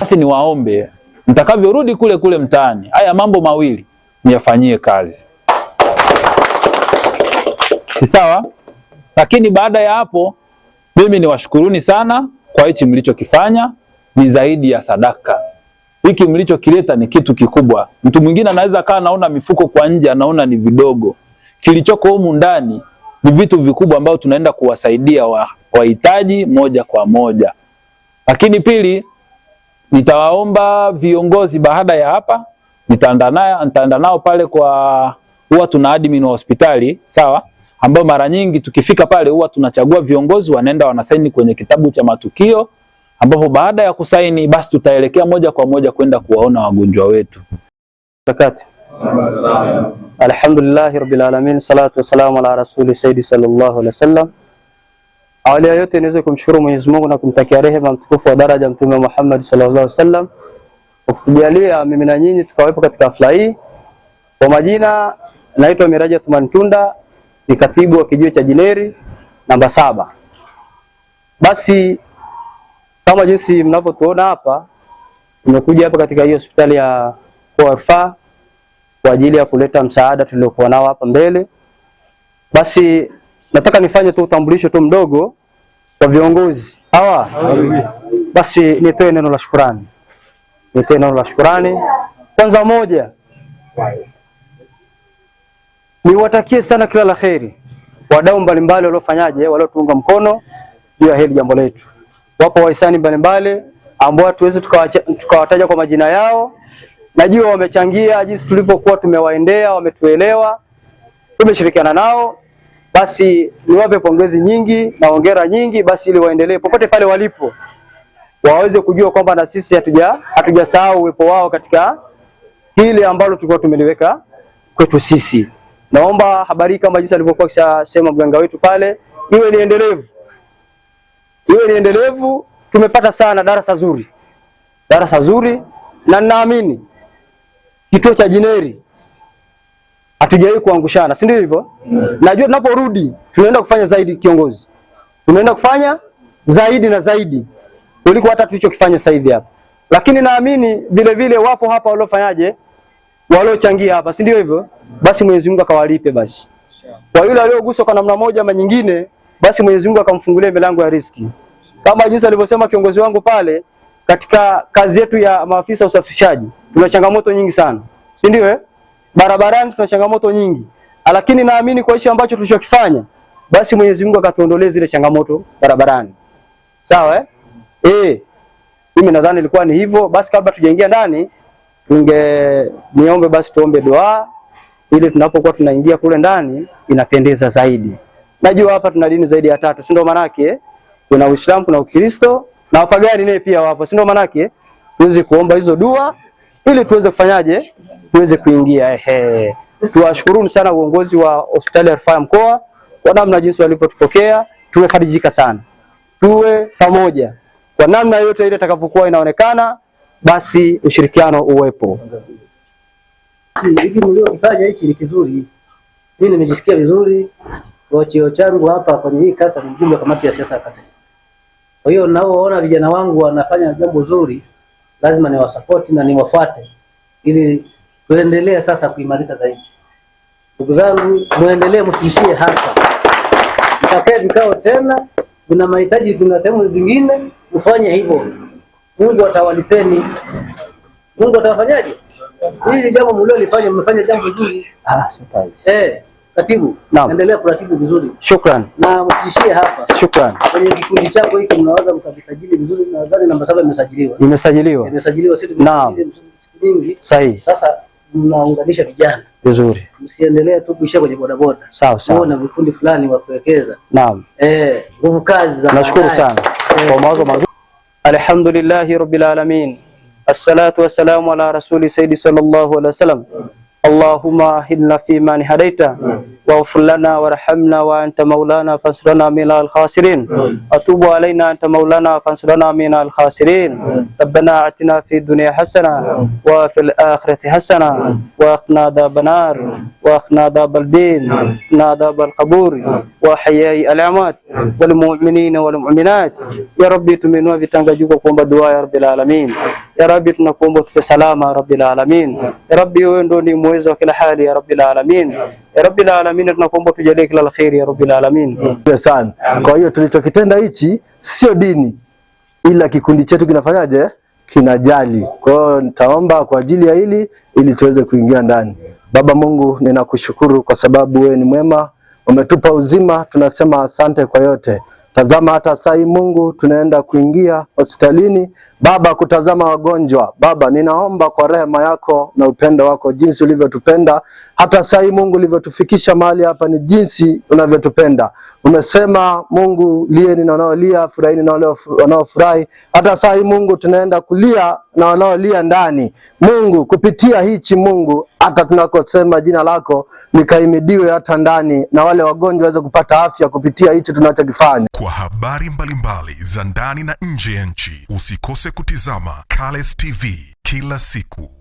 Basi niwaombe mtakavyorudi kule kule mtaani, haya mambo mawili niyafanyie kazi, si sawa? Lakini baada ya hapo, mimi niwashukuruni sana kwa hichi mlichokifanya, ni zaidi ya sadaka. Hiki mlichokileta ni kitu kikubwa. Mtu mwingine anaweza kaa anaona mifuko kwa nje, anaona ni vidogo. Kilichoko humu ndani ni vitu vikubwa ambao tunaenda kuwasaidia wa wahitaji moja kwa moja. Lakini pili, nitawaomba viongozi baada ya hapa nitaenda nitaenda nao pale kwa huwa tuna admin wa hospitali sawa, ambao mara nyingi tukifika pale huwa tunachagua viongozi, wanaenda wanasaini kwenye kitabu cha matukio, ambapo baada ya kusaini basi tutaelekea moja kwa moja kwenda kuwaona wagonjwa wetu. Takati. Alhamdulillahirabbil alamin salatu wassalamu ala rasuli sayyidi sallallahu alaihi wasallam Awali ya yote niweze kumshukuru Mwenyezi Mungu na kumtakia rehema mtukufu wa daraja Mtume Muhammad sallallahu alaihi wasallam kwa kutujalia mimi na nyinyi tukawepo katika hafla hii. Kwa majina naitwa Miraji athuman Tunda, ni katibu wa kijiwe cha Jineri namba saba. Basi kama jinsi mnavyotuona hapa, tumekuja hapa katika hii hospitali ya mkoa wa rufaa kwa ajili ya kuleta msaada tuliokuwa nao hapa mbele. Basi nataka nifanye tu utambulisho tu mdogo wa viongozi hawa. Basi nitoe neno la shukurani, nitoe neno la shukurani. Kwanza moja, niwatakie sana kila la wadau mbalimbali waliofanyaje, waliotuunga mkono juu ya hili jambo letu. Wapo wahisani mbalimbali ambao hatuwezi tukawataja kwa majina yao, najua wamechangia jinsi tulivyokuwa tumewaendea, wametuelewa, tumeshirikiana nao basi niwape pongezi nyingi na hongera nyingi, basi ili waendelee popote pale walipo, waweze kujua kwamba na sisi hatuja hatujasahau uwepo wao katika hili ambalo tulikuwa tumeliweka kwetu sisi. Naomba habari kama jinsi alivyokuwa kishasema mganga wetu pale, iwe ni endelevu, iwe ni endelevu. Tumepata sana darasa zuri, darasa zuri, na ninaamini kituo cha Jineri hatujawahi kuangushana, si ndio hivyo? Najua tunaporudi tunaenda kufanya zaidi, kiongozi, tunaenda kufanya zaidi na zaidi kuliko hata tulichokifanya sasa hivi hapa, lakini naamini vile vile wapo hapa waliofanyaje, waliochangia hapa, si ndio hivyo? Basi Mwenyezi Mungu akawalipe basi kwa yule aliyoguswa kwa namna moja ama nyingine, basi Mwenyezi Mungu akamfungulia milango ya riziki, kama jinsi alivyosema kiongozi wangu pale. Katika kazi yetu ya maafisa usafirishaji tuna changamoto nyingi sana, si ndio eh? Barabarani tuna changamoto nyingi, lakini naamini kwa hicho ambacho tulichokifanya, basi Mwenyezi Mungu akatuondolee zile changamoto barabarani. Sawa eh? Eh, mimi nadhani ilikuwa ni hivyo. Basi kabla tujaingia ndani, tunge niombe basi tuombe dua ili tunapokuwa tunaingia kule ndani inapendeza zaidi. Najua hapa tuna dini zaidi ya tatu, si ndio manake? Kuna Uislamu, kuna Ukristo na wapagani naye pia wapo, si ndio manake? Tuweze kuomba hizo dua ili tuweze kufanyaje? uweze kuingia. Ehe, tuwashukuru sana uongozi wa hospitali ya rufaa ya mkoa kwa namna jinsi walivyotupokea, tumefarijika sana. Tuwe pamoja kwa namna yote ile itakapokuwa inaonekana, basi ushirikiano uwepo. Hiki mliokifanya hichi ni kizuri, mimi nimejisikia vizuri kwa cheo changu hapa kwenye hii kata. Ni mjumbe kamati ya siasa ya kata, kwa hiyo naoona vijana wangu wanafanya jambo zuri, lazima niwasapoti na niwafuate ili tuendelee sasa kuimarika zaidi. Ndugu zangu, muendelee, msiishie hapa, mtakae vikao tena, kuna mahitaji, kuna sehemu zingine mfanye hivyo. Mungu atawalipeni. Mungu atawafanyaje? Hili jambo mliolifanya, mmefanya jambo zuri. Ah, eh, katibu, endelea kuratibu vizuri. Shukrani. Na msiishie hapa. Shukrani. Kwenye kikundi chako hiki mnaweza mkajisajili vizuri, nadhani namba saba imesajiliwa. Imesajiliwa. Imesajiliwa, sisi tumesajiliwa siku nyingi. Sahihi. Sasa mnaunganisha vijana vizuri, msiendelea tu kuishia kwenye bodaboda. Sawa sawa, na vikundi fulani wa kuwekeza. Naam, eh, nguvu kazi za. Nashukuru sana kwa eh. mawazo mazuri. Alhamdulillah rabbil alamin, assalatu wassalamu ala rasuli sayyidi sallallahu alaihi wasallam. Allahumma hinna fi man hadaita واغفر لنا وارحمنا وانت مولانا فانصرنا من الخاسرين وتوب علينا انت مولانا فانصرنا من الخاسرين ربنا اعتنا في الدنيا حسنه وفي الاخره حسنه واقنا عذاب النار واقنا عذاب الدين واقنا عذاب القبور وحياء الاموات والمؤمنين والمؤمنات يا ربي تمنوا وقوم بدعاء يا رب العالمين يا ربي تنقوم بسلامه رب العالمين يا ربي وين دوني موزه وكل حال يا رب العالمين Ya Rabbil Alamin, tunakuomba tujalie kila la kheri ya Rabbil Alamin. Mm. Asante sana. Kwa hiyo tulichokitenda hichi sio dini, ila kikundi chetu kinafanyaje? Kinajali. Kwa hiyo nitaomba kwa ajili ya hili ili tuweze kuingia ndani. Baba Mungu, ninakushukuru kwa sababu wewe ni mwema, umetupa uzima, tunasema asante kwa yote. Tazama hata sai Mungu tunaenda kuingia hospitalini, Baba, kutazama wagonjwa. Baba, ninaomba kwa rehema yako na upendo wako, jinsi ulivyotupenda hata sai Mungu ulivyotufikisha mahali hapa, ni jinsi unavyotupenda. Umesema Mungu, lieni na wanaolia, furahini na wale wanaofurahi. Hata sai Mungu tunaenda kulia na wanaolia ndani. Mungu, kupitia hichi Mungu, hata tunakosema jina lako likaimidiwe hata ndani, na wale wagonjwa waweze kupata afya kupitia hichi tunachokifanya. Kwa habari mbalimbali za ndani na nje ya nchi, usikose kutizama Cales TV kila siku.